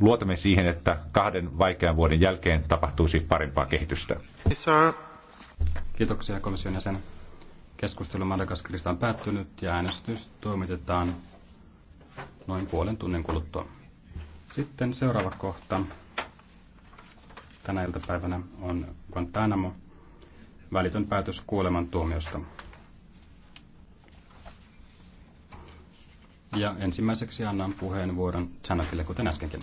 luotamme siihen, että kahden vaikean vuoden jälkeen tapahtuisi parempaa kehitystä. Kiitoksia komission jäsen. Keskustelu Madagaskarista on päättynyt ja äänestys toimitetaan noin puolen tunnin kuluttua. Sitten seuraava kohta tänä iltapäivänä on Guantanamo, välitön päätös kuolemantuomiosta. Ja ensimmäiseksi annan puheenvuoron Chanakille, kuten äskenkin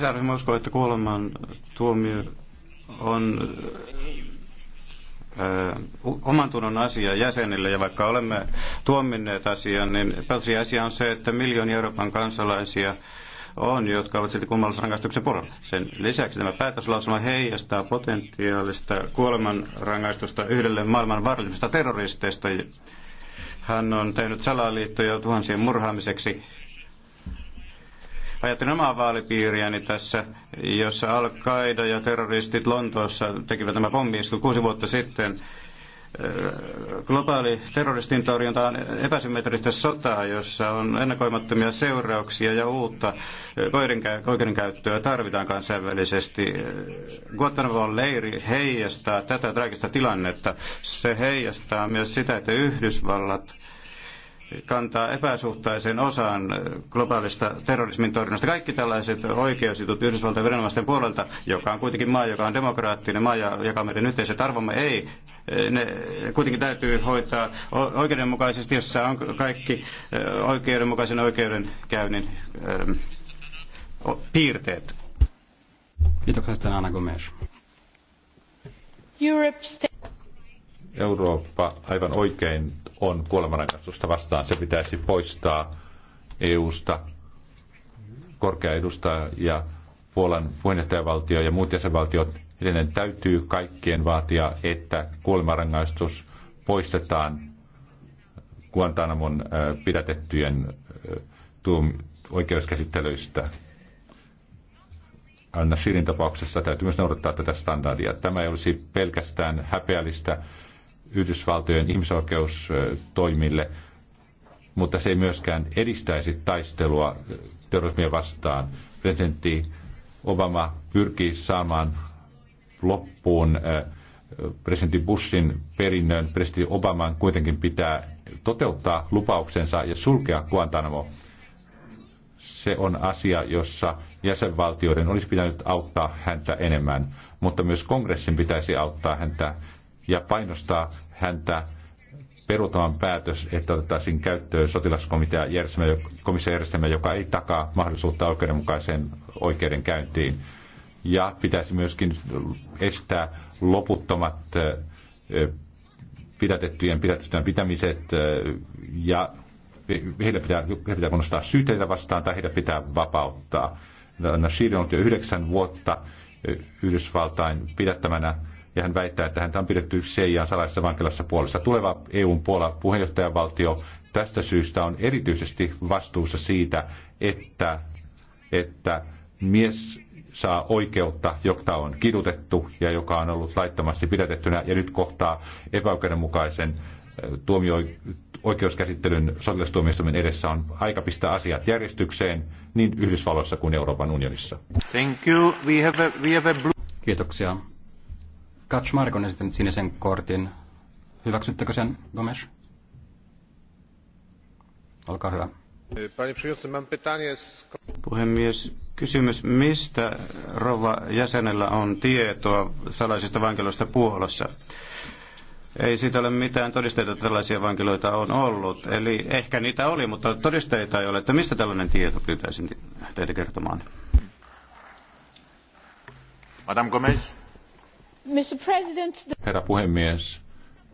tarvitse uskoo, että kuoleman tuomio on äh, oman tunnon asia jäsenille, ja vaikka olemme tuominneet asian, niin asia on se, että miljoonia Euroopan kansalaisia on, jotka ovat silti kummallisrangaistuksen puolella. Sen lisäksi tämä päätöslausuma heijastaa potentiaalista kuolemanrangaistusta yhdelle maailman vaarallisista terroristeista. Hän on tehnyt salaliittoja tuhansien murhaamiseksi ajattelin omaa vaalipiiriäni tässä, jossa Al-Qaida ja terroristit Lontoossa tekivät tämä pommiiskut kuusi vuotta sitten. Globaali terroristin torjunta on epäsymmetristä sotaa, jossa on ennakoimattomia seurauksia ja uutta oikeudenkäyttöä tarvitaan kansainvälisesti. Guantanamon leiri heijastaa tätä traagista tilannetta. Se heijastaa myös sitä, että Yhdysvallat kantaa epäsuhtaisen osan globaalista terrorismin torjunnasta. Kaikki tällaiset oikeusjutut Yhdysvaltain viranomaisten puolelta, joka on kuitenkin maa, joka on demokraattinen maa ja joka on meidän yhteiset arvomme, ei. Ne kuitenkin täytyy hoitaa oikeudenmukaisesti, jossa on kaikki oikeudenmukaisen oikeudenkäynnin piirteet. Kiitoksia, Anna Gomes. Europe Eurooppa aivan oikein on kuolemanrangaistusta vastaan. Se pitäisi poistaa EUsta korkea edustaja ja Puolan puheenjohtajavaltio ja muut jäsenvaltiot, edelleen täytyy kaikkien vaatia, että kuolemanrangaistus poistetaan Guantanamon äh, pidätettyjen äh, oikeuskäsittelyistä. Anna Shirin tapauksessa täytyy myös noudattaa tätä standardia. Tämä ei olisi pelkästään häpeällistä Yhdysvaltojen ihmisoikeustoimille, mutta se ei myöskään edistäisi taistelua terrorismia vastaan. Presidentti Obama pyrkii saamaan loppuun äh, presidentti Bushin perinnön. Presidentti Obaman kuitenkin pitää toteuttaa lupauksensa ja sulkea Guantanamo. Se on asia, jossa jäsenvaltioiden olisi pitänyt auttaa häntä enemmän, mutta myös kongressin pitäisi auttaa häntä ja painostaa häntä peruuttamaan päätös, että otettaisiin käyttöön sotilaskomitea järjestelmä, joka ei takaa mahdollisuutta oikeudenmukaiseen oikeudenkäyntiin. Ja pitäisi myöskin estää loputtomat pidätettyjen pidätettyjen pitämiset ja heidän pitää, he pitää kunnostaa syytteitä vastaan tai heidän pitää vapauttaa. Nasir on ollut jo yhdeksän vuotta Yhdysvaltain pidättämänä ja hän väittää, että häntä on pidetty CIA salaisessa vankilassa puolessa. Tuleva EUn Puola puheenjohtajavaltio tästä syystä on erityisesti vastuussa siitä, että, että mies saa oikeutta, jota on kidutettu ja joka on ollut laittomasti pidätettynä ja nyt kohtaa epäoikeudenmukaisen tuomio, oikeuskäsittelyn sotilastuomioistuimen edessä on aika pistää asiat järjestykseen niin Yhdysvalloissa kuin Euroopan unionissa. Thank you. We have a, we have a blue... Kiitoksia. Kaczmarek on esittänyt sinisen kortin. Hyväksyttekö sen, Gomes? Olkaa hyvä. Puhemies, kysymys, mistä rova jäsenellä on tietoa salaisista vankiloista Puolassa? Ei siitä ole mitään todisteita, että tällaisia vankiloita on ollut. Eli ehkä niitä oli, mutta todisteita ei ole. Että mistä tällainen tieto pyytäisin teitä kertomaan? Madame Gomez. Herra puhemies,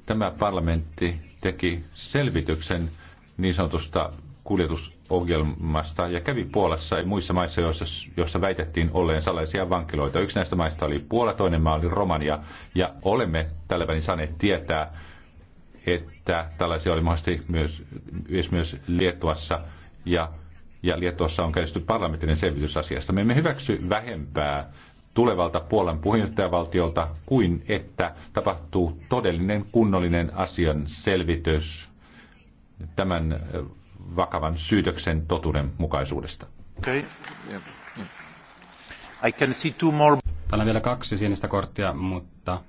tämä parlamentti teki selvityksen niin sanotusta kuljetusohjelmasta ja kävi Puolassa ja muissa maissa, joissa, joissa väitettiin olleen salaisia vankiloita. Yksi näistä maista oli Puola, toinen maa oli Romania ja olemme tällä välin saaneet tietää, että tällaisia oli mahdollisesti myös, myös, myös Liettuassa ja ja Liettuassa on käynnisty parlamentin selvitysasiasta, Me emme hyväksy vähempää tulevalta Puolan puheenjohtajavaltiolta kuin että tapahtuu todellinen kunnollinen asian selvitys tämän äh, vakavan syytöksen totuuden mukaisuudesta. Okay. Yeah. Yeah. I can see two more. Täällä on vielä kaksi sinistä korttia, mutta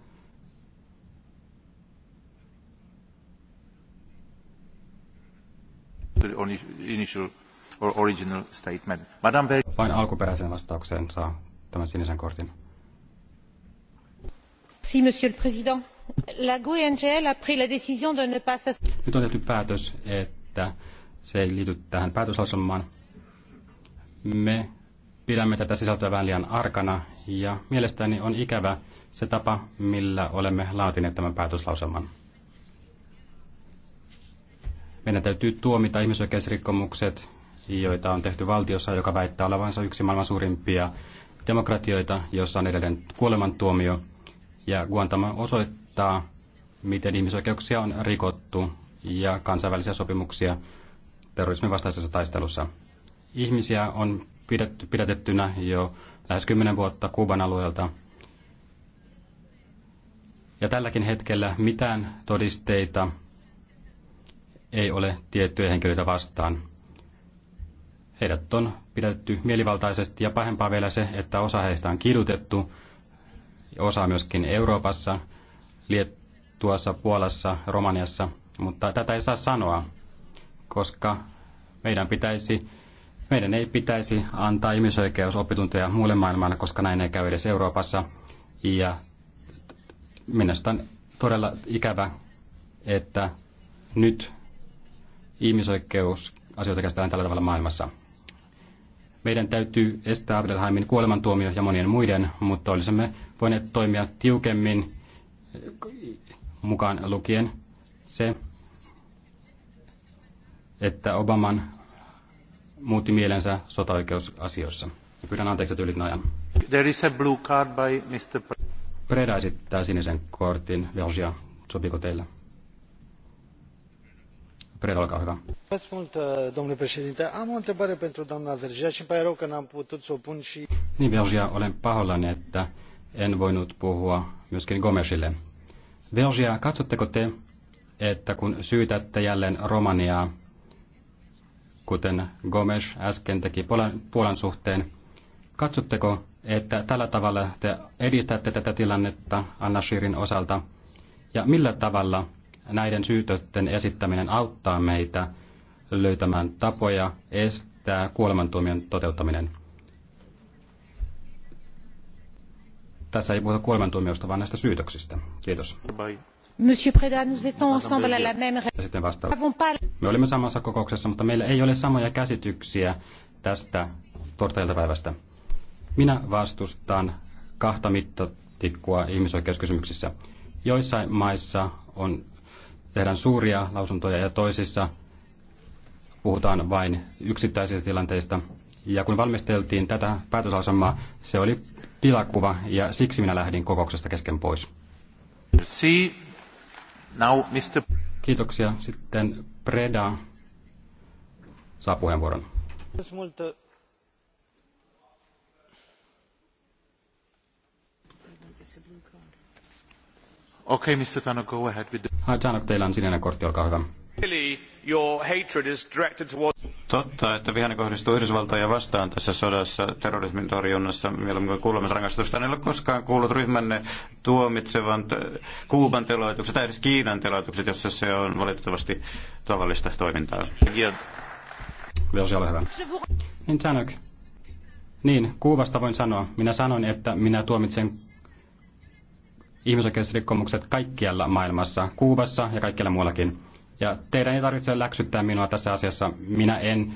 on initial or original statement. Madame Vain alkuperäisen vastaukseen saa tämän sinisen kortin. Nyt on tehty päätös, että se ei liity tähän päätöslauselmaan. Me pidämme tätä sisältöä vähän liian arkana ja mielestäni on ikävä se tapa, millä olemme laatineet tämän päätöslauselman. Meidän täytyy tuomita ihmisoikeusrikkomukset, joita on tehty valtiossa, joka väittää olevansa yksi maailman suurimpia demokratioita, jossa on edelleen kuolemantuomio. Ja Guantama osoittaa, miten ihmisoikeuksia on rikottu ja kansainvälisiä sopimuksia terrorismin vastaisessa taistelussa. Ihmisiä on pidetty, pidätettynä jo lähes kymmenen vuotta Kuuban alueelta. Ja tälläkin hetkellä mitään todisteita ei ole tiettyjä henkilöitä vastaan. Heidät on pidetty mielivaltaisesti ja pahempaa vielä se, että osa heistä on kidutettu, osa myöskin Euroopassa, Liettuassa, Puolassa, Romaniassa, mutta tätä ei saa sanoa, koska meidän pitäisi meidän ei pitäisi antaa ihmisoikeusopituntoja muulle maailmalle, koska näin ei käy edes Euroopassa. Ja minusta on todella ikävä, että nyt ihmisoikeusasioita käsitellään tällä tavalla maailmassa. Meidän täytyy estää Abdelhaimin kuolemantuomio ja monien muiden, mutta olisimme voineet toimia tiukemmin eh, mukaan lukien se, että Obaman muutti mielensä sotaoikeusasioissa. Pyydän anteeksi, että ylitin ajan. There is a blue card by Mr. Preda esittää sinisen kortin. Vergia, sopiko teille? Am o întrebare pentru doamna Vergea și pare rău că n-am putut să o pun și... Niin, olen pahoillani, että en voinut puhua myöskin Gomesille. Vergia, katsotteko te, että kun syytätte jälleen Romaniaa, kuten Gomes äsken teki Puolan, Puolan suhteen, katsotteko, että tällä tavalla te edistätte tätä tilannetta Anna Shirin osalta, ja millä tavalla näiden syytösten esittäminen auttaa meitä löytämään tapoja estää kuolemantuomion toteuttaminen. Tässä ei puhuta kuolemantuomiosta, vaan näistä syytöksistä. Kiitos. Monsieur Preda, nous étions ensemble à la même Me olimme samassa kokouksessa, mutta meillä ei ole samoja käsityksiä tästä torstailtapäivästä. Minä vastustan kahta mittatikkua ihmisoikeuskysymyksissä. Joissain maissa on tehdään suuria lausuntoja ja toisissa puhutaan vain yksittäisistä tilanteista. Ja kun valmisteltiin tätä päätösasemaa, se oli pilakuva ja siksi minä lähdin kokouksesta kesken pois. See. Now, Mr. Kiitoksia. Sitten Preda saa puheenvuoron. Okay, Mr. Tannock, go ahead with the... Tannock, teillä on sininen kortti, olkaa hyvä. Totta, että vihane kohdistuu Yhdysvaltoja vastaan tässä sodassa, terrorismin torjunnassa, mieluummin kuin kuulemisrangaistusta. En ole koskaan kuullut ryhmänne tuomitsevan Kuuban teloitukset tai edes Kiinan teloitukset, jossa se on valitettavasti tavallista toimintaa. Kiitos. ole hyvä. Niin, Tannock. Niin, Kuubasta voin sanoa. Minä sanoin, että minä tuomitsen ihmisoikeusrikkomukset kaikkialla maailmassa, Kuubassa ja kaikkialla muuallakin. Ja teidän ei tarvitse läksyttää minua tässä asiassa. Minä en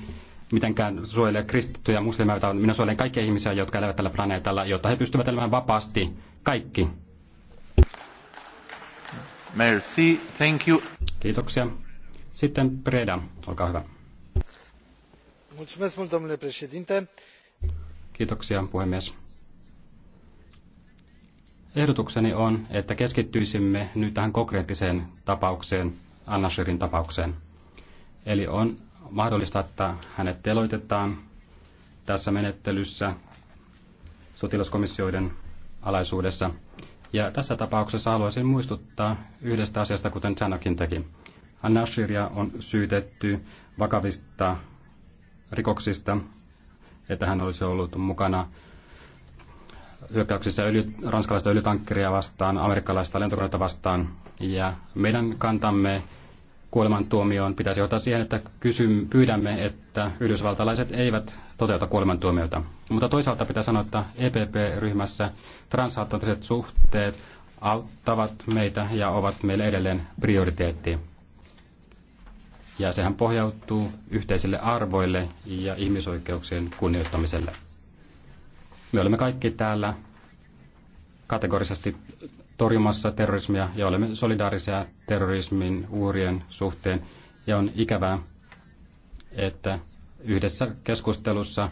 mitenkään suojele kristittyjä muslimeja, vaan minä suojelen kaikkia ihmisiä, jotka elävät tällä planeetalla, jotta he pystyvät elämään vapaasti. Kaikki. Merci. Thank you. Kiitoksia. Sitten Preda, olkaa hyvä. Mulțumesc mult, domnule președinte. Kiitoksia, puhemies. Ehdotukseni on, että keskittyisimme nyt tähän konkreettiseen tapaukseen, Annashirin tapaukseen. Eli on mahdollista, että hänet teloitetaan tässä menettelyssä sotilaskomissioiden alaisuudessa. Ja tässä tapauksessa haluaisin muistuttaa yhdestä asiasta, kuten Chanakin teki. Annashiria on syytetty vakavista rikoksista, että hän olisi ollut mukana hyökkäyksissä öljy, ranskalaista öljytankkeria vastaan, amerikkalaista lentokoneita vastaan. Ja meidän kantamme kuolemantuomioon pitäisi ottaa siihen, että kysym, pyydämme, että yhdysvaltalaiset eivät toteuta kuolemantuomioita. Mutta toisaalta pitää sanoa, että EPP-ryhmässä transatlanttiset suhteet auttavat meitä ja ovat meille edelleen prioriteetti. Ja sehän pohjautuu yhteisille arvoille ja ihmisoikeuksien kunnioittamiselle. Me olemme kaikki täällä kategorisesti torjumassa terrorismia ja olemme solidaarisia terrorismin uurien suhteen. Ja on ikävää, että yhdessä keskustelussa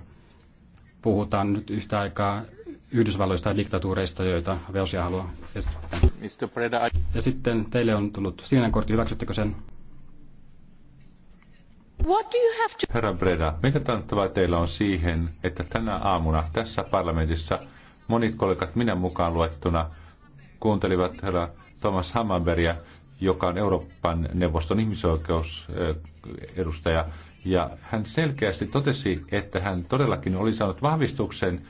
puhutaan nyt yhtä aikaa Yhdysvalloista ja diktatuureista, joita Velsia haluaa esittää. Ja sitten teille on tullut sininen kortti, hyväksyttekö sen? What do you have to... Herra Breda, mitä tanttavaa teillä on siihen, että tänä aamuna tässä parlamentissa monet kollegat minä mukaan luettuna kuuntelivat herra Thomas Hammanberia, joka on Euroopan neuvoston ihmisoikeusedustaja, eh, ja hän selkeästi totesi, että hän todellakin oli saanut vahvistuksen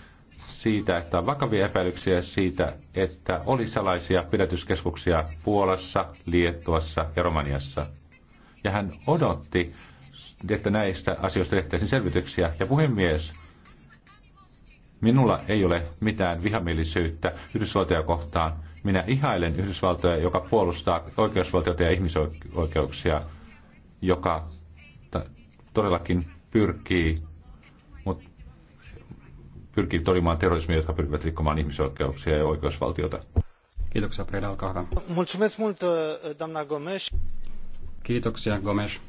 siitä, että on vakavia epäilyksiä siitä, että oli salaisia pidätyskeskuksia Puolassa, Liettuassa ja Romaniassa. Ja hän odotti että näistä asioista tehtäisiin selvityksiä. Ja puhemies, minulla ei ole mitään vihamielisyyttä Yhdysvaltoja kohtaan. Minä ihailen Yhdysvaltoja, joka puolustaa oikeusvaltiota ja ihmisoikeuksia, joka todellakin pyrkii, mut, pyrkii torjumaan terrorismia, jotka pyrkivät rikkomaan ihmisoikeuksia ja oikeusvaltiota. Kiitoksia, Preda, olkaa hyvä. Mulțumesc mult, doamna Gomes. Kiitoksia, Gomes.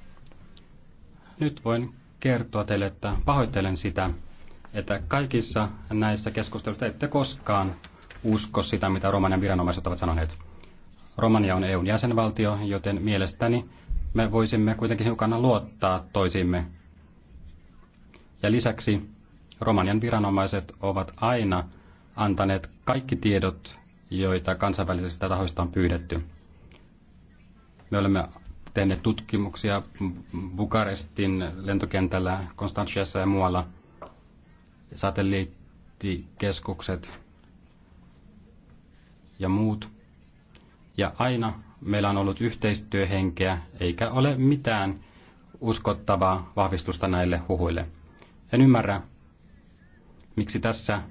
Nyt voin kertoa teille, että pahoittelen sitä, että kaikissa näissä keskusteluissa ette koskaan usko sitä, mitä Romanian viranomaiset ovat sanoneet. Romania on EUn jäsenvaltio, joten mielestäni me voisimme kuitenkin hiukan luottaa toisimme. Ja lisäksi Romanian viranomaiset ovat aina antaneet kaikki tiedot, joita kansainvälisistä tahoista on pyydetty. Me olemme tehneet tutkimuksia Bukarestin lentokentällä, Konstantiassa ja muualla. Satelliittikeskukset ja muut. Ja aina meillä on ollut yhteistyöhenkeä, eikä ole mitään uskottavaa vahvistusta näille huhuille. En ymmärrä, miksi tässä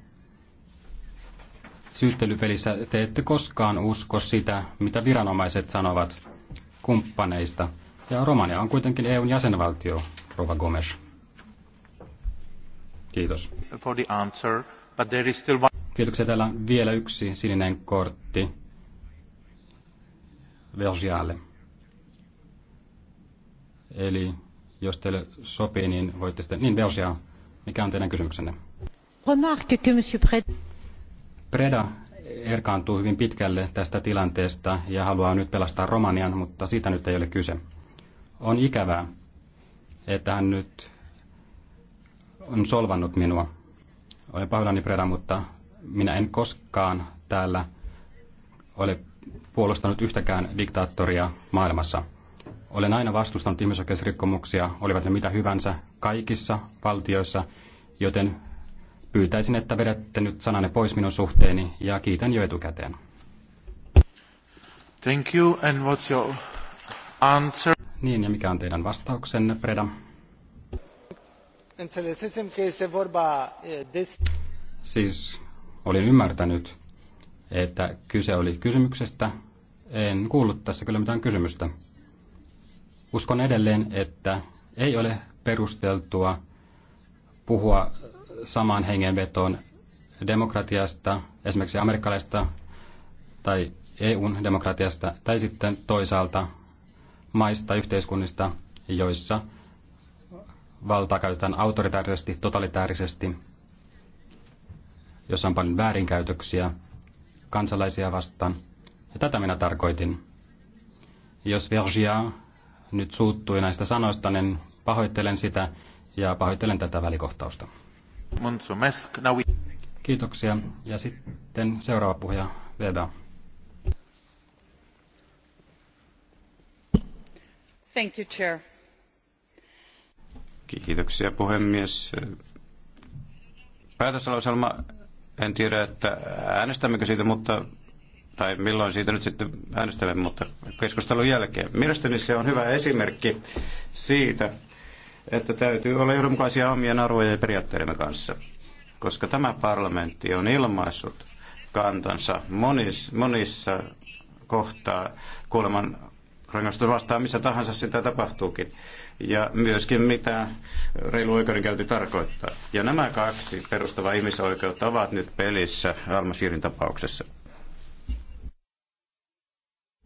syyttelypelissä te ette koskaan usko sitä, mitä viranomaiset sanovat kumppaneista. Ja Romania on kuitenkin EUn jäsenvaltio, Rova Gomes. Kiitos. For the answer, but there is still one... Kiitoksia. Täällä on vielä yksi sininen kortti Vergiale. Eli jos teille sopii, niin voitte sitten... Niin, Vergia, mikä on teidän kysymyksenne? Remarque que, monsieur Preda, erkaantuu hyvin pitkälle tästä tilanteesta ja haluaa nyt pelastaa Romanian, mutta siitä nyt ei ole kyse. On ikävää, että hän nyt on solvannut minua. Olen pahoillani Preda, mutta minä en koskaan täällä ole puolustanut yhtäkään diktaattoria maailmassa. Olen aina vastustanut ihmisoikeusrikkomuksia, olivat ne mitä hyvänsä, kaikissa valtioissa, joten Pyytäisin, että vedätte nyt sananne pois minun suhteeni ja kiitän jo etukäteen. Thank you, and what's your answer? Niin, ja mikä on teidän vastauksenne, Preda? E, siis olin ymmärtänyt, että kyse oli kysymyksestä. En kuullut tässä kyllä mitään kysymystä. Uskon edelleen, että ei ole perusteltua puhua samaan hengenvetoon demokratiasta, esimerkiksi amerikkalaista tai EUn demokratiasta, tai sitten toisaalta maista, yhteiskunnista, joissa valtaa käytetään autoritaarisesti, totalitaarisesti, jossa on paljon väärinkäytöksiä kansalaisia vastaan. Ja tätä minä tarkoitin. Jos Vergia nyt suuttui näistä sanoista, niin pahoittelen sitä ja pahoittelen tätä välikohtausta. Kiitoksia. Ja sitten seuraava puhuja, Veda. Thank you, Chair. Kiitoksia puhemies. Päätöslauselma, en tiedä, että äänestämmekö siitä, mutta tai milloin siitä nyt sitten äänestämme, mutta keskustelun jälkeen. Mielestäni se on hyvä esimerkki siitä, että täytyy olla johdonmukaisia omien arvojen ja periaatteidemme kanssa, koska tämä parlamentti on ilmaissut kantansa monis, monissa kohtaa kuoleman rangaistus vastaan, missä tahansa sitä tapahtuukin. Ja myöskin mitä reilu oikeudenkäynti tarkoittaa. Ja nämä kaksi perustavaa ihmisoikeutta ovat nyt pelissä Almasirin tapauksessa.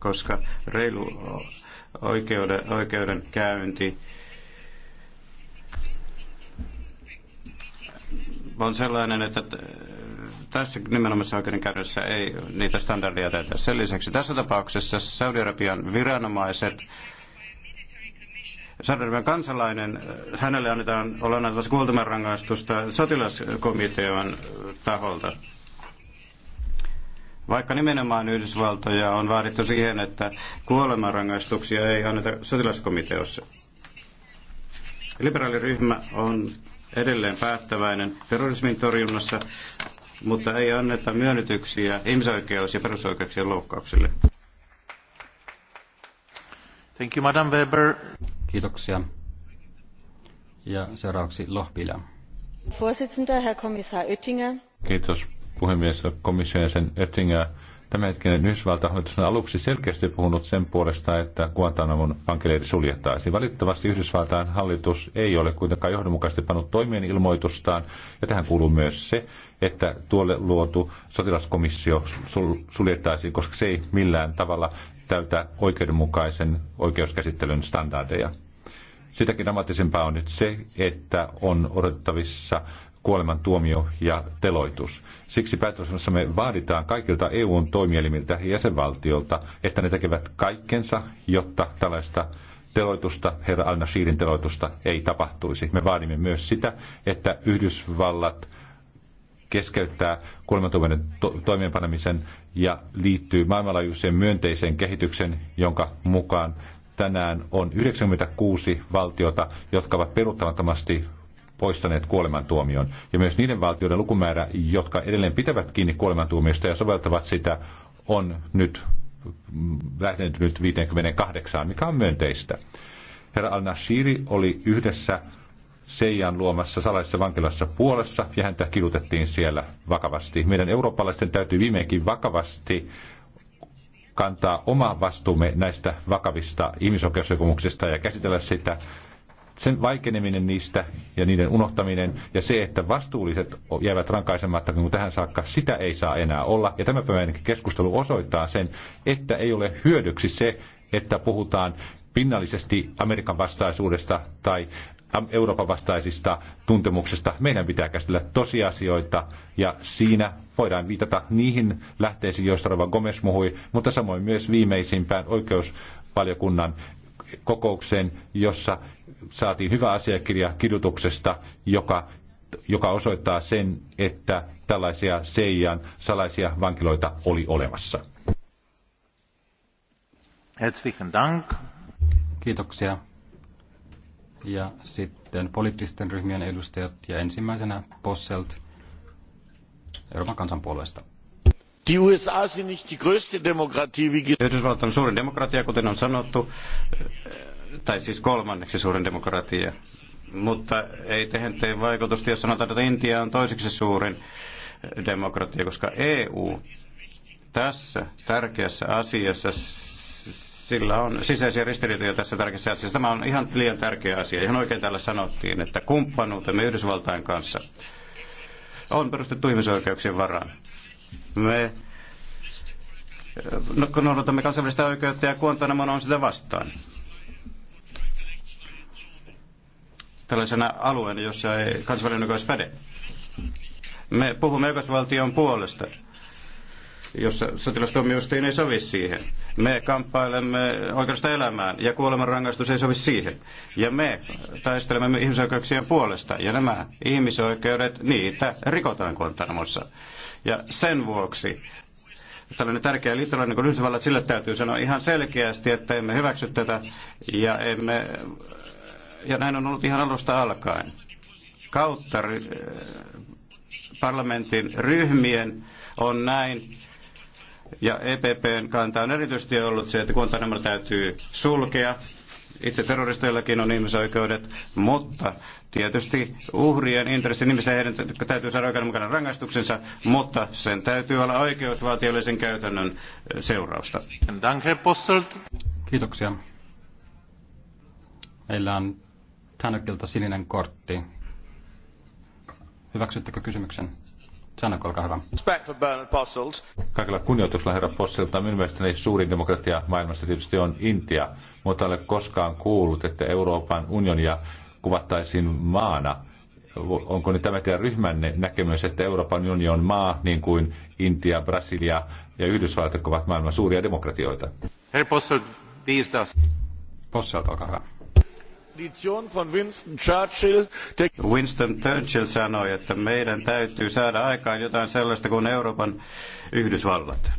Koska reilu oikeuden, oikeudenkäynti on sellainen, että tässä nimenomaisessa oikeudenkäynnössä ei niitä standardeja täytä. Sen lisäksi tässä tapauksessa Saudi-Arabian viranomaiset Saudi-Arabian kansalainen, hänelle annetaan olennaisesti kuultumarangaistusta sotilaskomitean taholta. Vaikka nimenomaan Yhdysvaltoja on vaadittu siihen, että kuolemanrangaistuksia ei anneta sotilaskomiteossa. Liberaaliryhmä on edelleen päättäväinen terrorismin torjunnassa, mutta ei anneta myönnytyksiä ihmisoikeus- ja perusoikeuksien loukkauksille. Thank you, Madam Weber. Kiitoksia. Ja seuraavaksi Lohpila. Kiitos puhemies komission jäsen Oettinger tämänhetkinen Yhdysvaltahallitus on aluksi selkeästi puhunut sen puolesta, että Guantanamon vankileiri suljettaisiin. Valitettavasti Yhdysvaltain hallitus ei ole kuitenkaan johdonmukaisesti pannut toimien ilmoitustaan, ja tähän kuuluu myös se, että tuolle luotu sotilaskomissio suljettaisiin, koska se ei millään tavalla täytä oikeudenmukaisen oikeuskäsittelyn standardeja. Sitäkin dramaattisempaa on nyt se, että on odotettavissa kuolemantuomio ja teloitus. Siksi päätöksessä me vaaditaan kaikilta EUn toimielimiltä ja jäsenvaltiolta, että ne tekevät kaikkensa, jotta tällaista teloitusta, herra Alna Shirin teloitusta, ei tapahtuisi. Me vaadimme myös sitä, että Yhdysvallat keskeyttää kuolemantuomioiden to- toimeenpanemisen ja liittyy maailmanlaajuiseen myönteiseen kehityksen, jonka mukaan tänään on 96 valtiota, jotka ovat peruuttamattomasti poistaneet kuolemantuomion. Ja myös niiden valtioiden lukumäärä, jotka edelleen pitävät kiinni kuolemantuomiosta ja soveltavat sitä, on nyt lähtenyt nyt 58, mikä on myönteistä. Herra al-Nashiri oli yhdessä Seijan luomassa salaisessa vankilassa puolessa ja häntä kidutettiin siellä vakavasti. Meidän eurooppalaisten täytyy viimeinkin vakavasti kantaa oma vastuumme näistä vakavista ihmisoikeusrikkomuksista ja käsitellä sitä sen vaikeneminen niistä ja niiden unohtaminen ja se, että vastuulliset jäävät rankaisematta, kun tähän saakka sitä ei saa enää olla. Ja tämä päivän keskustelu osoittaa sen, että ei ole hyödyksi se, että puhutaan pinnallisesti Amerikan vastaisuudesta tai Euroopan vastaisista tuntemuksista. Meidän pitää käsitellä tosiasioita ja siinä voidaan viitata niihin lähteisiin, joista Rova Gomes muhui, mutta samoin myös viimeisimpään oikeusvaliokunnan kokoukseen, jossa saatiin hyvä asiakirja kidutuksesta, joka, joka osoittaa sen, että tällaisia seijan, salaisia vankiloita oli olemassa. Herzlichen Dank. Kiitoksia. Ja sitten poliittisten ryhmien edustajat ja ensimmäisenä Posselt Euroopan kansanpuolueesta. Die USA sind nicht die größte Demokratie, wie Yhdysvallat on suurin demokratia, kuten on sanottu, äh, tai siis kolmanneksi suurin demokratia. Mutta ei tehän tee vaikutusta, jos sanotaan, että Intia on toiseksi suurin äh, demokratia, koska EU tässä tärkeässä asiassa sillä on sisäisiä ristiriitoja tässä tärkeässä asiassa. Tämä on ihan liian tärkeä asia. Ihan oikein täällä sanottiin, että kumppanuutemme Yhdysvaltain kanssa on perustettu ihmisoikeuksien varaan. Me no, noudatamme kansainvälistä oikeutta ja Guantanamo on sitä vastaan. Tällaisena alueena, jossa ei kansainvälinen oikeus päde. Me puhumme oikeusvaltion puolesta jossa sotilastuomioistuin ei sovi siihen. Me kamppailemme oikeudesta elämään ja kuolemanrangaistus ei sovi siihen. Ja me taistelemme ihmisoikeuksien puolesta ja nämä ihmisoikeudet, niitä rikotaan Guantanamossa. Ja sen vuoksi tällainen tärkeä liittolainen kuin Yhdysvallat, sille täytyy sanoa ihan selkeästi, että emme hyväksy tätä ja, emme, ja näin on ollut ihan alusta alkaen. Kautta eh, parlamentin ryhmien on näin ja EPPn kanta on erityisesti ollut se, että Guantanamo täytyy sulkea. Itse terroristeillakin on ihmisoikeudet, mutta tietysti uhrien intressin nimissä heidän täytyy saada mukana rangaistuksensa, mutta sen täytyy olla oikeusvaltiollisen käytännön seurausta. Kiitoksia. Meillä on Tänökiltä sininen kortti. Hyväksyttekö kysymyksen? Sanako, olkaa hyvä. Kaikilla kunnioituksella herra Posselt, mutta minun mielestäni suurin demokratia maailmassa tietysti on Intia, mutta olen koskaan kuullut, että Euroopan unionia kuvattaisiin maana. Onko nyt tämä teidän ryhmänne näkemys, että Euroopan unioni on maa, niin kuin Intia, Brasilia ja Yhdysvallat, jotka ovat maailman suuria demokratioita? Herra Posselt, viistas. Posselt, olkaa hyvä. Winston Churchill sanoi, että meidän täytyy saada aikaan jotain sellaista kuin Euroopan Yhdysvallat.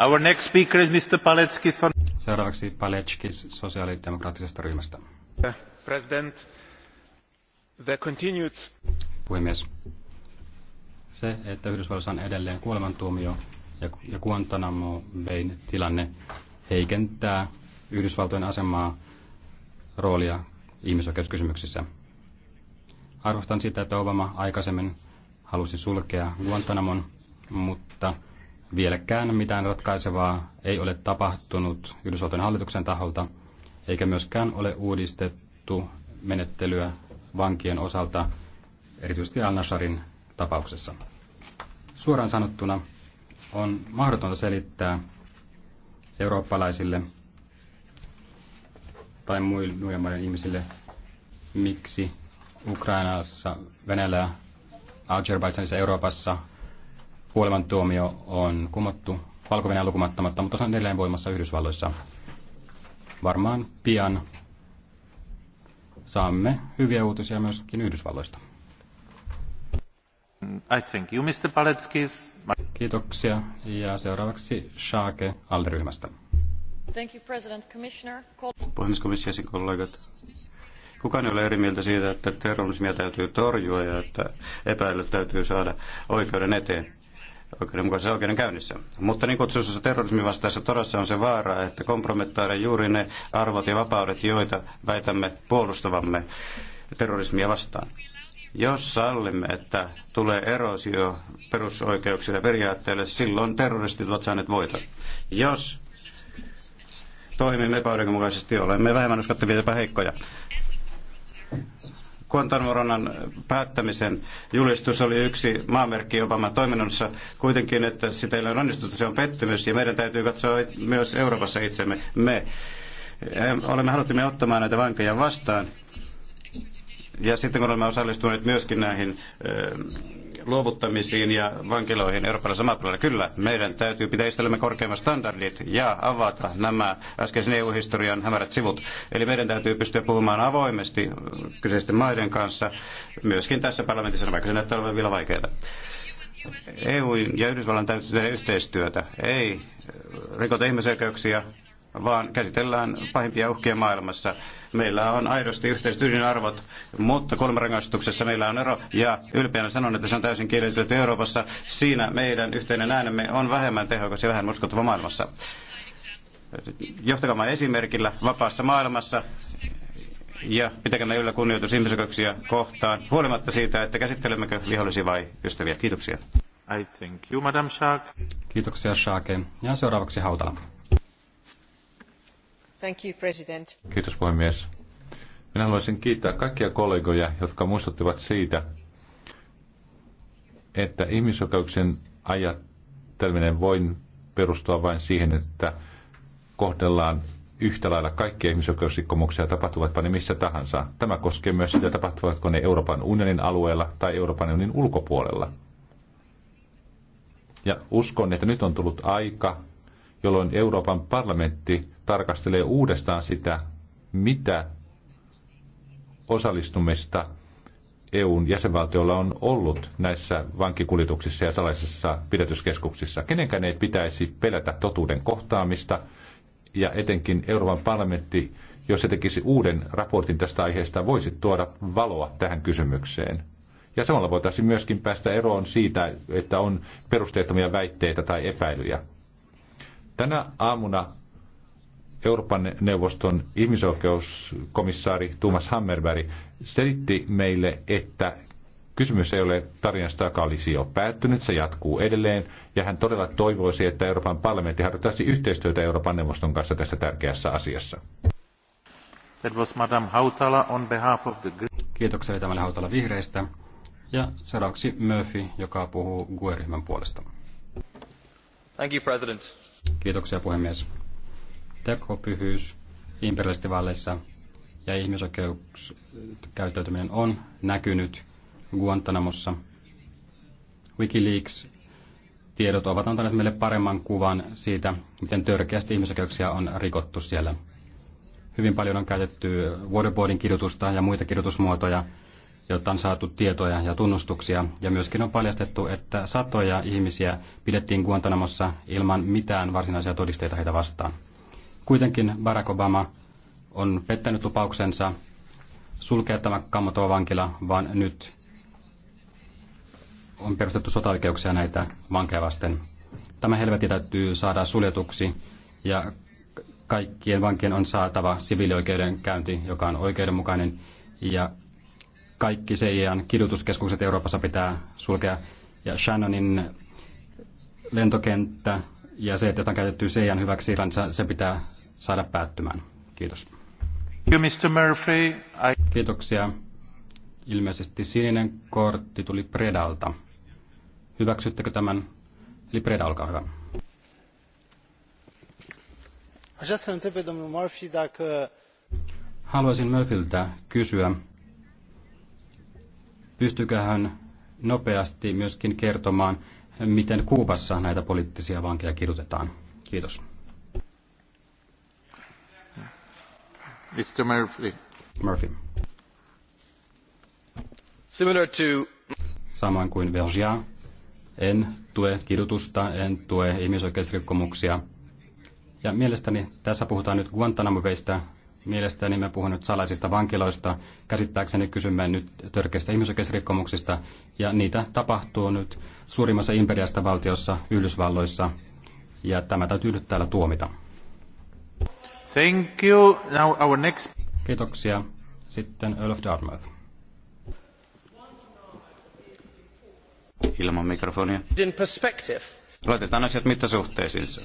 Our next speaker is Mr. Paletskis. Seuraavaksi Paleckis sosiaalidemokraattisesta ryhmästä. President, the continued... Puhemies, se, että Yhdysvalloissa on edelleen kuolemantuomio, ja Guantanamo Bayn tilanne heikentää Yhdysvaltojen asemaa, roolia ihmisoikeuskysymyksissä. Arvostan sitä, että Obama aikaisemmin halusi sulkea Guantanamon, mutta vieläkään mitään ratkaisevaa ei ole tapahtunut Yhdysvaltojen hallituksen taholta, eikä myöskään ole uudistettu menettelyä vankien osalta, erityisesti Al-Nasharin tapauksessa. Suoraan sanottuna on mahdotonta selittää eurooppalaisille tai muille maiden ihmisille, miksi Ukrainassa, Venäjällä, Azerbaidsanissa, Euroopassa kuolemantuomio on kumottu, valko lukumattamatta, mutta se on edelleen voimassa Yhdysvalloissa. Varmaan pian saamme hyviä uutisia myöskin Yhdysvalloista. Kiitoksia. Ja seuraavaksi Shaake alderyhmästä. Thank kollegat. Kukaan ei ole eri mieltä siitä, että terrorismia täytyy torjua ja että epäilyt täytyy saada oikeuden eteen oikeudenmukaisessa oikeudenkäynnissä. Mutta niin kutsutussa terrorismin vastaisessa todassa on se vaara, että kompromettoida juuri ne arvot ja vapaudet, joita väitämme puolustavamme terrorismia vastaan. Jos sallimme, että tulee erosio perusoikeuksille ja periaatteille, silloin terroristit ovat saaneet voita. Jos toimimme epäoikeudenmukaisesti, olemme vähemmän uskottavia ja heikkoja. Guantanamoronan päättämisen julistus oli yksi maamerkki Obaman toiminnassa. Kuitenkin, että sitä ei ole onnistuttu, se on pettymys ja meidän täytyy katsoa myös Euroopassa itsemme. Me olemme haluttomia ottamaan näitä vankeja vastaan ja sitten kun olemme osallistuneet myöskin näihin luovuttamisiin ja vankiloihin eurooppalaisella maapuolella, kyllä, meidän täytyy pitää istelemme korkeimmat standardit ja avata nämä äskeisen EU-historian hämärät sivut. Eli meidän täytyy pystyä puhumaan avoimesti kyseisten maiden kanssa, myöskin tässä parlamentissa, vaikka se näyttää olevan vielä vaikeaa. EU ja Yhdysvallan täytyy tehdä yhteistyötä, ei rikota ihmisoikeuksia, vaan käsitellään pahimpia uhkia maailmassa. Meillä on aidosti yhteiset ydinarvot, mutta kolmarangaistuksessa meillä on ero, ja ylpeänä sanon, että se on täysin kielletty Euroopassa. Siinä meidän yhteinen äänemme on vähemmän tehokas ja vähän uskottava maailmassa. Johtakaa esimerkillä vapaassa maailmassa ja me yllä kunnioitus ihmisoikeuksia kohtaan, huolimatta siitä, että käsittelemmekö vihollisia vai ystäviä. Kiitoksia. I thank you, Madam Shark. Kiitoksia, Shaake. Ja seuraavaksi Hautala. Thank you, President. Kiitos puhemies. Minä haluaisin kiittää kaikkia kollegoja, jotka muistuttivat siitä, että ihmisoikeuksien ajatteleminen voi perustua vain siihen, että kohdellaan yhtä lailla kaikkia ihmisoikeusrikkomuksia tapahtuvatpa ne missä tahansa. Tämä koskee myös sitä, tapahtuvatko ne Euroopan unionin alueella tai Euroopan unionin ulkopuolella. Ja uskon, että nyt on tullut aika jolloin Euroopan parlamentti tarkastelee uudestaan sitä, mitä osallistumista EUn jäsenvaltioilla on ollut näissä vankikuljetuksissa ja salaisissa pidätyskeskuksissa. Kenenkään ei pitäisi pelätä totuuden kohtaamista, ja etenkin Euroopan parlamentti, jos se tekisi uuden raportin tästä aiheesta, voisi tuoda valoa tähän kysymykseen. Ja samalla voitaisiin myöskin päästä eroon siitä, että on perusteettomia väitteitä tai epäilyjä. Tänä aamuna Euroopan neuvoston ihmisoikeuskomissaari Thomas Hammerberg selitti meille, että kysymys ei ole tarinasta, joka olisi jo päättynyt, se jatkuu edelleen, ja hän todella toivoisi, että Euroopan parlamentti harjoittaisi yhteistyötä Euroopan neuvoston kanssa tässä tärkeässä asiassa. That was Madame Hautala on behalf of the... Kiitoksia Itämälle Hautala vihreistä. Ja seuraavaksi Murphy, joka puhuu GUE-ryhmän puolesta. Thank you, President. Kiitoksia puhemies. Tekopyhyys vaaleissa ja ihmisoikeuskäyttäytyminen on näkynyt Guantanamossa. Wikileaks tiedot ovat antaneet meille paremman kuvan siitä, miten törkeästi ihmisoikeuksia on rikottu siellä. Hyvin paljon on käytetty waterboardin kirjoitusta ja muita kirjoitusmuotoja jotta on saatu tietoja ja tunnustuksia. Ja myöskin on paljastettu, että satoja ihmisiä pidettiin Guantanamossa ilman mitään varsinaisia todisteita heitä vastaan. Kuitenkin Barack Obama on pettänyt lupauksensa sulkea tämä kammottava vankila, vaan nyt on perustettu sotaoikeuksia näitä vankeja vasten. Tämä helveti täytyy saada suljetuksi ja kaikkien vankien on saatava käynti, joka on oikeudenmukainen ja kaikki CIAn kidutuskeskukset Euroopassa pitää sulkea ja Shannonin lentokenttä ja se, että sitä on käytetty CIAn hyväksi Iranissa, se pitää saada päättymään. Kiitos. Mr. Murphy. I... Kiitoksia. Ilmeisesti sininen kortti tuli Predalta. Hyväksyttekö tämän? Eli Preda, olkaa hyvä. Haluaisin Murphyltä kysyä, pystyykö hän nopeasti myöskin kertomaan, miten Kuubassa näitä poliittisia vankeja kirjoitetaan? Kiitos. Mr. Murphy. Murphy. Similar to... Samoin kuin Vergia, en tue kidutusta, en tue ihmisoikeusrikkomuksia. Ja mielestäni tässä puhutaan nyt Guantanamo-veistä, Mielestäni me puhun nyt salaisista vankiloista. Käsittääkseni kysymme nyt törkeistä ihmisoikeusrikkomuksista, ja niitä tapahtuu nyt suurimmassa imperiasta valtiossa, Yhdysvalloissa, ja tämä täytyy nyt täällä tuomita. Thank you. Now our next... Kiitoksia. Sitten Earl of Dartmouth. Ilman mikrofonia. In perspective. Laitetaan asiat mittasuhteisiinsa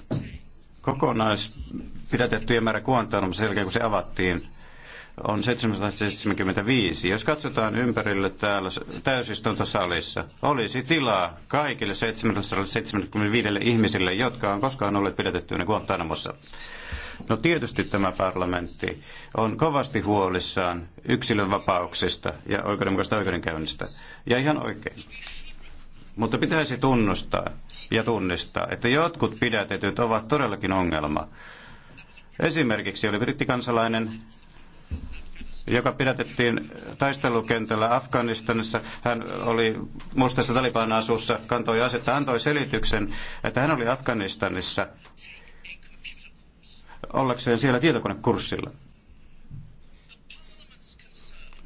kokonaispidätettyjen määrä Guantanamossa sen jälkeen, kun se avattiin, on 775. Jos katsotaan ympärille täällä täysistuntosalissa, olisi tilaa kaikille 775 ihmisille, jotka on koskaan olleet pidätettyinä Guantanamossa. No tietysti tämä parlamentti on kovasti huolissaan yksilön vapauksista ja oikeudenmukaisesta oikeudenkäynnistä. Ja ihan oikein. Mutta pitäisi tunnustaa ja tunnistaa, että jotkut pidätetyt ovat todellakin ongelma. Esimerkiksi oli brittikansalainen, joka pidätettiin taistelukentällä Afganistanissa. Hän oli mustassa Taliban-asussa, kantoi asetta, antoi selityksen, että hän oli Afganistanissa ollakseen siellä tietokonekurssilla.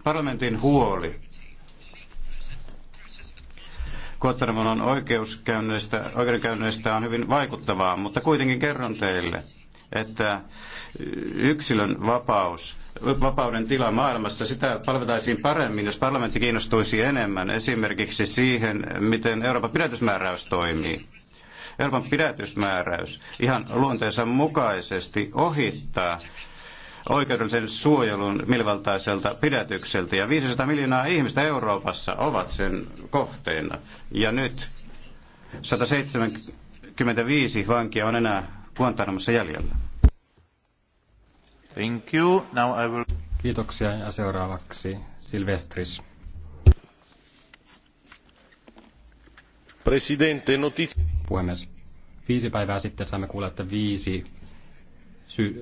Parlamentin huoli Kuottanamon oikeuskäynnistä, oikeudenkäynnistä on hyvin vaikuttavaa, mutta kuitenkin kerron teille, että yksilön vapaus, vapauden tila maailmassa, sitä palvetaisiin paremmin, jos parlamentti kiinnostuisi enemmän esimerkiksi siihen, miten Euroopan pidätysmääräys toimii. Euroopan pidätysmääräys ihan luonteensa mukaisesti ohittaa oikeudellisen suojelun milvaltaiselta pidätykseltä. Ja 500 miljoonaa ihmistä Euroopassa ovat sen kohteena. Ja nyt 175 vankia on enää Guantanamossa jäljellä. Thank you. Now I will... Kiitoksia ja seuraavaksi Silvestris. Presidente, notiz... Puhemies, viisi päivää sitten saimme kuulla, että viisi sy-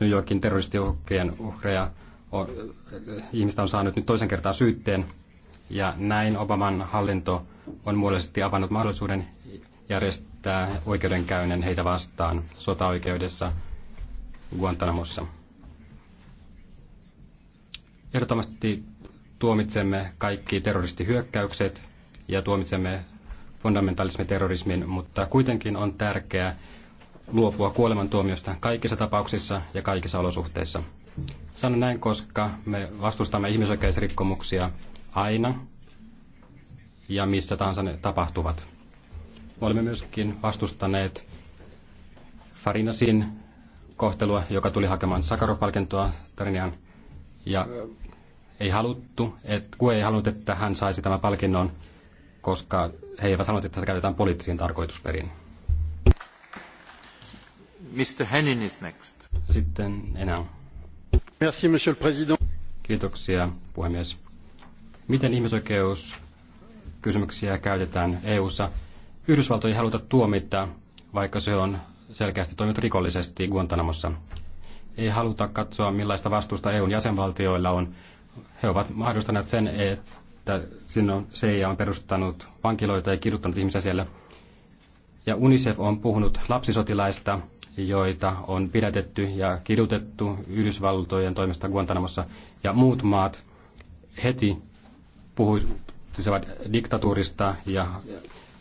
New Yorkin terroristiuhkien uhreja on, ihmistä on saanut nyt toisen kertaa syytteen. Ja näin Obaman hallinto on muodollisesti avannut mahdollisuuden järjestää oikeudenkäynnin heitä vastaan sotaoikeudessa Guantanamossa. Ehdottomasti tuomitsemme kaikki terroristihyökkäykset ja tuomitsemme fundamentalismiterrorismin, mutta kuitenkin on tärkeää, luopua kuolemantuomiosta kaikissa tapauksissa ja kaikissa olosuhteissa. Sanon näin, koska me vastustamme ihmisoikeusrikkomuksia aina ja missä tahansa ne tapahtuvat. Me olemme myöskin vastustaneet Farinasin kohtelua, joka tuli hakemaan Sakarov-palkintoa Tarinian. Ja ei haluttu, että, kun ei halunnut, että hän saisi tämän palkinnon, koska he eivät halunneet, että sitä käytetään poliittisiin tarkoitusperiin. Mr. Henin is monsieur le président. Miten ihmisoikeuskysymyksiä käytetään EU:ssa? Yhdysvaltoja ei haluta tuomita, vaikka se on selkeästi toiminut rikollisesti Guantanamossa. Ei haluta katsoa, millaista vastuusta EUn jäsenvaltioilla on. He ovat mahdollistaneet sen, että sinne on CIA on perustanut vankiloita ja kiduttanut ihmisiä siellä – ja UNICEF on puhunut lapsisotilaista, joita on pidätetty ja kidutettu Yhdysvaltojen toimesta Guantanamossa. Ja muut maat heti puhuisivat diktatuurista ja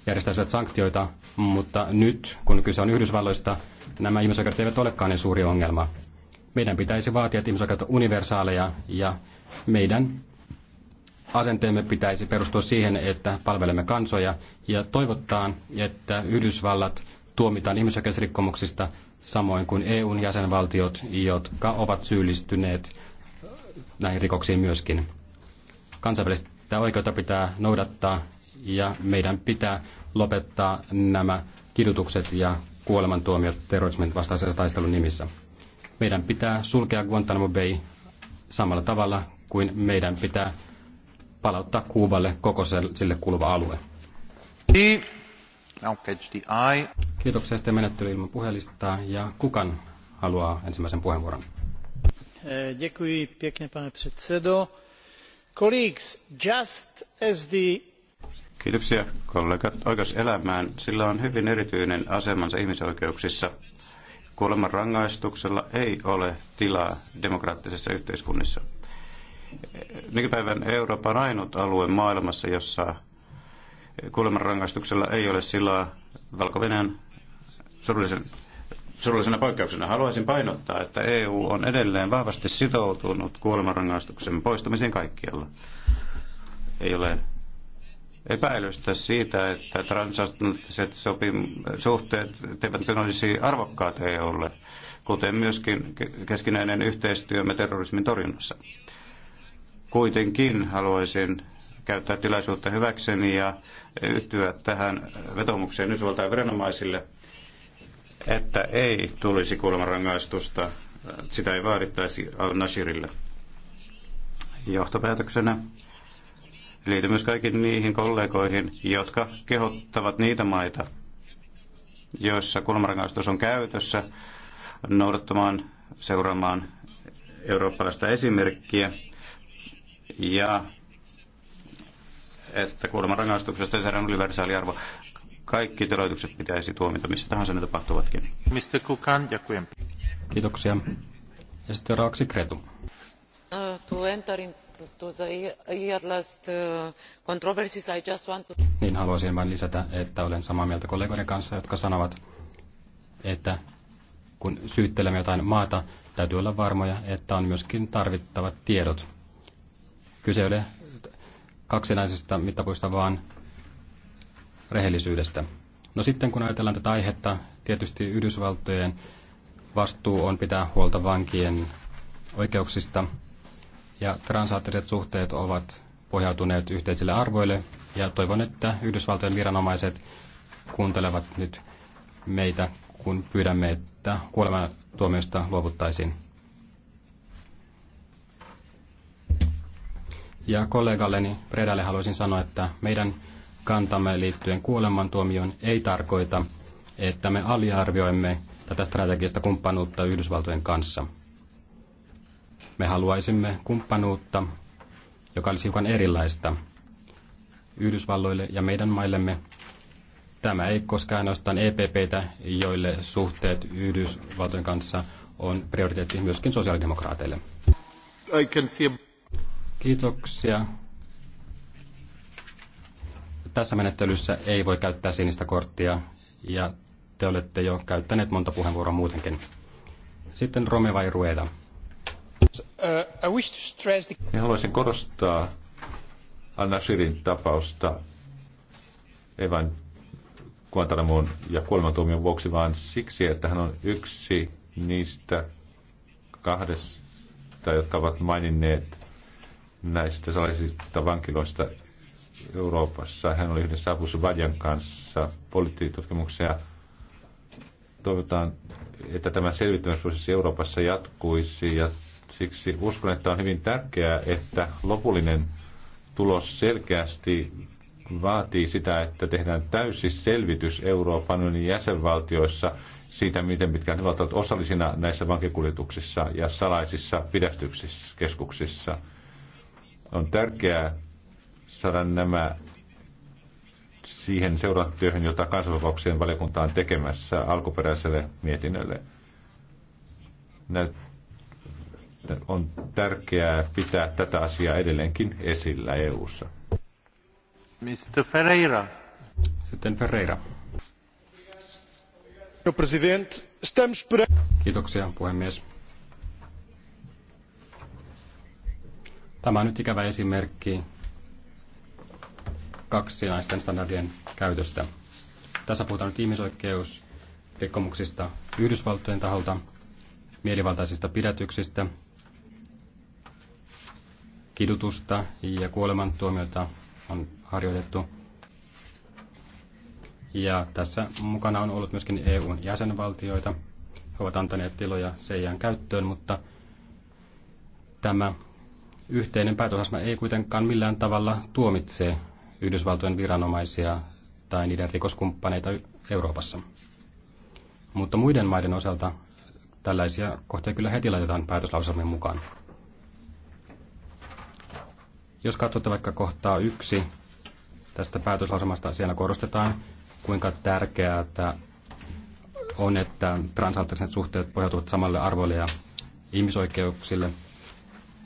järjestäisivät sanktioita, mutta nyt, kun kyse on Yhdysvalloista, nämä ihmisoikeudet eivät olekaan niin suuri ongelma. Meidän pitäisi vaatia, että ihmisoikeudet ovat universaaleja ja meidän asenteemme pitäisi perustua siihen, että palvelemme kansoja ja toivottaan, että Yhdysvallat tuomitaan ihmisoikeusrikkomuksista samoin kuin EUn jäsenvaltiot, jotka ovat syyllistyneet näihin rikoksiin myöskin. Kansainvälistä oikeutta pitää noudattaa ja meidän pitää lopettaa nämä kidutukset ja kuolemantuomiot terrorismin vastaisen taistelun nimissä. Meidän pitää sulkea Guantanamo Bay samalla tavalla kuin meidän pitää palauttaa Kuuballe koko sille kuuluva alue. Kiitoksia sitten menettely ilman puhelistaa ja kukan haluaa ensimmäisen puheenvuoron. Eh, Kiitoksia kollegat. Oikeus elämään, sillä on hyvin erityinen asemansa ihmisoikeuksissa. Kuoleman rangaistuksella ei ole tilaa demokraattisessa yhteiskunnissa. Nykypäivän Eurooppa on ainut alue maailmassa, jossa kuolemanrangaistuksella ei ole sillaa valko surullisen, surullisena poikkeuksena. Haluaisin painottaa, että EU on edelleen vahvasti sitoutunut kuolemanrangaistuksen poistamiseen kaikkialla. Ei ole epäilystä siitä, että transatlanttiset sopim- suhteet eivät olisi arvokkaat EUlle, kuten myöskin keskinäinen yhteistyömme terrorismin torjunnassa. Kuitenkin haluaisin käyttää tilaisuutta hyväkseni ja yhtyä tähän vetomukseen Yhdysvaltain viranomaisille, että ei tulisi kuulemarangaistusta, Sitä ei vaadittaisi al-Nashirille. Johtopäätöksenä liity myös kaikkiin niihin kollegoihin, jotka kehottavat niitä maita, joissa kulmarangaistus on käytössä, noudattamaan, seuraamaan eurooppalaista esimerkkiä ja että kuolemanrangaistuksesta tehdään universaali arvo. Kaikki teloitukset pitäisi tuomita, missä tahansa ne tapahtuvatkin. Mr. Kukan, jakujem. Kiitoksia. Ja sitten raaksi Kretu. Uh, to enter into the uh, I just want to... Niin haluaisin vain lisätä, että olen samaa mieltä kollegoiden kanssa, jotka sanovat, että kun syyttelemme jotain maata, täytyy olla varmoja, että on myöskin tarvittavat tiedot Kyse ei ole kaksinaisesta mittapuista, vaan rehellisyydestä. No sitten kun ajatellaan tätä aihetta, tietysti Yhdysvaltojen vastuu on pitää huolta vankien oikeuksista ja transaattiset suhteet ovat pohjautuneet yhteisille arvoille ja toivon, että Yhdysvaltojen viranomaiset kuuntelevat nyt meitä, kun pyydämme, että kuolemantuomioista luovuttaisiin. Ja kollegalleni Predalle haluaisin sanoa, että meidän kantamme liittyen kuolemantuomioon ei tarkoita, että me aliarvioimme tätä strategista kumppanuutta Yhdysvaltojen kanssa. Me haluaisimme kumppanuutta, joka olisi hiukan erilaista Yhdysvalloille ja meidän maillemme. Tämä ei koske ainoastaan EPPtä, joille suhteet Yhdysvaltojen kanssa on prioriteetti myöskin sosiaalidemokraateille. I can see Kiitoksia. Tässä menettelyssä ei voi käyttää sinistä korttia ja te olette jo käyttäneet monta puheenvuoroa muutenkin. Sitten Rome uh, ja Rueda. haluaisin korostaa Anna Shirin tapausta Evan Guantanamoon ja kuolemantuomion vuoksi, vaan siksi, että hän on yksi niistä kahdesta, jotka ovat maininneet näistä salaisista vankiloista Euroopassa. Hän oli yhdessä Abu Subadjan kanssa poliittitutkimuksia. Toivotaan, että tämä selvittämisprosessi Euroopassa jatkuisi ja siksi uskon, että on hyvin tärkeää, että lopullinen tulos selkeästi vaatii sitä, että tehdään täysi selvitys Euroopan unionin jäsenvaltioissa siitä, miten pitkään he ovat osallisina näissä vankikuljetuksissa ja salaisissa pidästyksissä keskuksissa. On tärkeää saada nämä siihen seuranta-työhön, jota kansanvapauksien valiokunta on tekemässä alkuperäiselle mietinnölle. Näyt- on tärkeää pitää tätä asiaa edelleenkin esillä EU-ssa. Mr. Ferreira. Sitten Ferreira. Kiitoksia puhemies. Tämä on nyt ikävä esimerkki kaksinaisten standardien käytöstä. Tässä puhutaan nyt ihmisoikeusrikkomuksista Yhdysvaltojen taholta, mielivaltaisista pidätyksistä, kidutusta ja kuolemantuomioita on harjoitettu. Ja tässä mukana on ollut myöskin EUn jäsenvaltioita. He ovat antaneet tiloja Seijan käyttöön, mutta tämä Yhteinen päätösasma ei kuitenkaan millään tavalla tuomitse Yhdysvaltojen viranomaisia tai niiden rikoskumppaneita Euroopassa. Mutta muiden maiden osalta tällaisia kohtia kyllä heti laitetaan päätöslauselmien mukaan. Jos katsotte vaikka kohtaa yksi tästä päätöslauselmasta, siellä korostetaan, kuinka tärkeää että on, että transatlanttiset suhteet pohjautuvat samalle arvoille ja ihmisoikeuksille –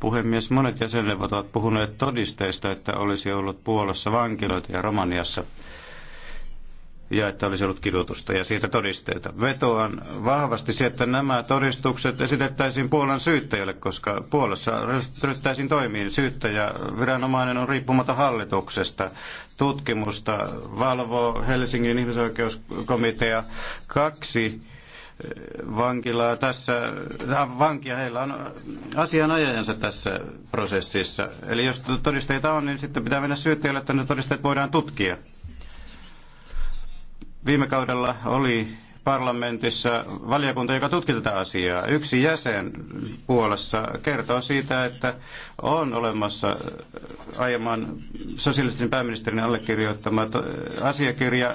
Puhemies, monet jäsenet ovat puhuneet todisteista, että olisi ollut Puolassa vankiloita ja Romaniassa ja että olisi ollut kidutusta ja siitä todisteita. Vetoan vahvasti se, että nämä todistukset esitettäisiin Puolan syyttäjälle, koska Puolassa ryhtäisiin toimiin. Syyttäjä, viranomainen on riippumatta hallituksesta. Tutkimusta valvoo Helsingin ihmisoikeuskomitea. Kaksi vankilaa tässä, äh, vankia, heillä on asianajajansa tässä prosessissa. Eli jos todisteita on, niin sitten pitää mennä syyttäjälle, että ne todisteet voidaan tutkia. Viime kaudella oli parlamentissa valiokunta, joka tutki tätä asiaa. Yksi jäsen Puolassa kertoo siitä, että on olemassa äh, aiemman sosialistisen pääministerin allekirjoittama äh, asiakirja,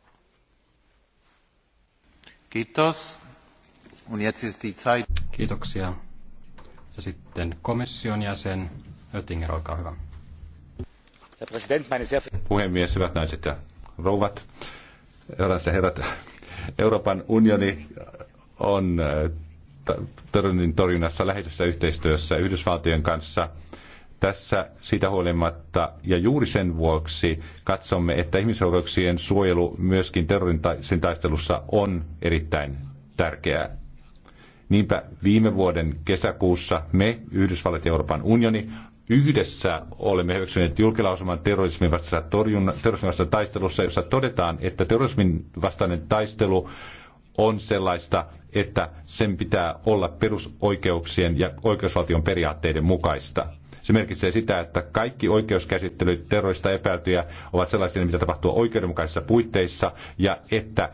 Kiitos. Kiitoksia. Ja sitten komission jäsen Oettinger, olkaa hyvä. Puhemies, hyvät naiset ja rouvat, herrat ja herrat, Euroopan unioni on äh, terrorin torjunnassa läheisessä yhteistyössä Yhdysvaltojen kanssa – tässä siitä huolimatta ja juuri sen vuoksi katsomme, että ihmisoikeuksien suojelu myöskin terrorin taistelussa on erittäin tärkeää. Niinpä viime vuoden kesäkuussa me, Yhdysvallat ja Euroopan unioni, yhdessä olemme hyväksyneet julkilausuman terrorismin vastaisessa, terrorismin taistelussa, jossa todetaan, että terrorismin vastainen taistelu on sellaista, että sen pitää olla perusoikeuksien ja oikeusvaltion periaatteiden mukaista. Se merkitsee sitä, että kaikki oikeuskäsittelyt terrorista epäiltyjä ovat sellaisia, mitä tapahtuu oikeudenmukaisissa puitteissa ja että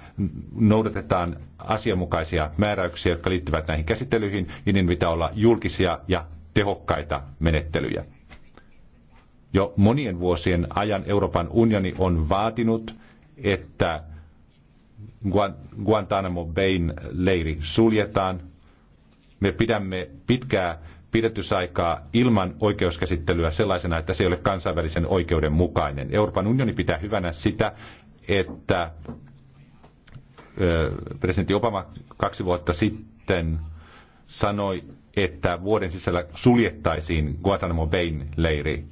noudatetaan asianmukaisia määräyksiä, jotka liittyvät näihin käsittelyihin, ja niin pitää olla julkisia ja tehokkaita menettelyjä. Jo monien vuosien ajan Euroopan unioni on vaatinut, että Guantanamo Bayn leiri suljetaan. Me pidämme pitkää pidätysaikaa ilman oikeuskäsittelyä sellaisena, että se ei ole kansainvälisen oikeuden mukainen. Euroopan unioni pitää hyvänä sitä, että presidentti Obama kaksi vuotta sitten sanoi, että vuoden sisällä suljettaisiin Guantanamo Bayn leiri.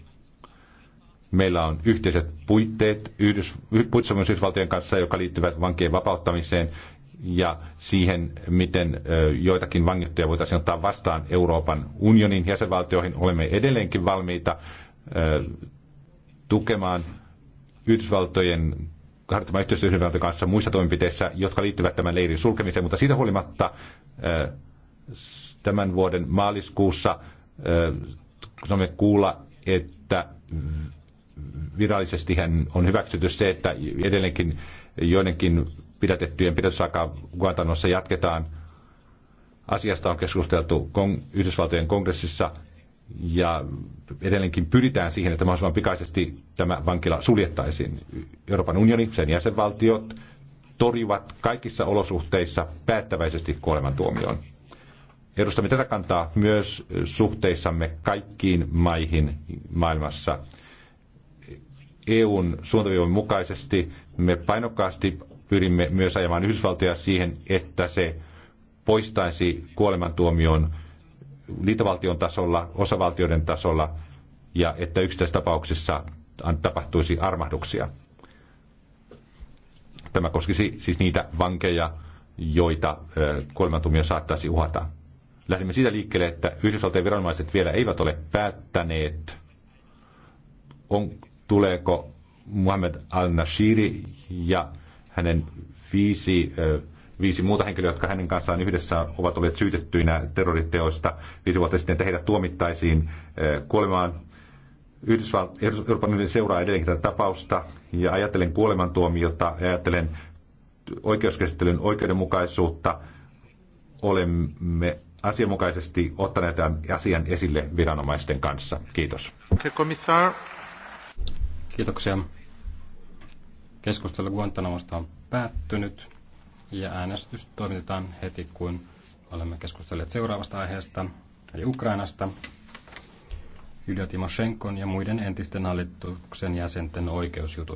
Meillä on yhteiset puitteet Yhdys, puitteet Yhdysvaltojen kanssa, joka liittyvät vankien vapauttamiseen ja siihen, miten joitakin vangittuja voitaisiin ottaa vastaan Euroopan unionin jäsenvaltioihin. Olemme edelleenkin valmiita tukemaan Yhdysvaltojen harjoittamaan yhteistyötä Yhdysvaltojen kanssa muissa toimenpiteissä, jotka liittyvät tämän leirin sulkemiseen, mutta siitä huolimatta tämän vuoden maaliskuussa saamme kuulla, että virallisesti hän on hyväksytty se, että edelleenkin joidenkin pidätettyjen pidätysaikaa Guantanossa jatketaan. Asiasta on keskusteltu Yhdysvaltojen kongressissa ja edelleenkin pyritään siihen, että mahdollisimman pikaisesti tämä vankila suljettaisiin. Euroopan unioni, sen jäsenvaltiot torjuvat kaikissa olosuhteissa päättäväisesti kuolemantuomioon. Edustamme tätä kantaa myös suhteissamme kaikkiin maihin maailmassa. E-, EUn suuntaviivan mukaisesti me painokkaasti pyrimme myös ajamaan Yhdysvaltoja siihen, että se poistaisi kuolemantuomion liitovaltion tasolla, osavaltioiden tasolla ja että yksittäistapauksissa tapahtuisi armahduksia. Tämä koskisi siis niitä vankeja, joita kuolemantuomio saattaisi uhata. Lähdimme siitä liikkeelle, että Yhdysvaltojen viranomaiset vielä eivät ole päättäneet, on, tuleeko Muhammad al-Nashiri ja hänen viisi, viisi muuta henkilöä, jotka hänen kanssaan yhdessä ovat olleet syytettyinä terroriteoista viisi vuotta sitten, että heidät tuomittaisiin kuolemaan. Yhdysvalt, Euroopan unionin seuraa edelleenkin tätä tapausta ja ajattelen kuolemantuomiota ajattelen oikeuskäsittelyn oikeudenmukaisuutta. Olemme asianmukaisesti ottaneet tämän asian esille viranomaisten kanssa. Kiitos. Kiitoksia. Keskustelu Guantanamosta on päättynyt ja äänestys toimitetaan heti, kun olemme keskustelleet seuraavasta aiheesta, eli Ukrainasta. Yulia Timoshenkon ja muiden entisten hallituksen jäsenten oikeusjutut.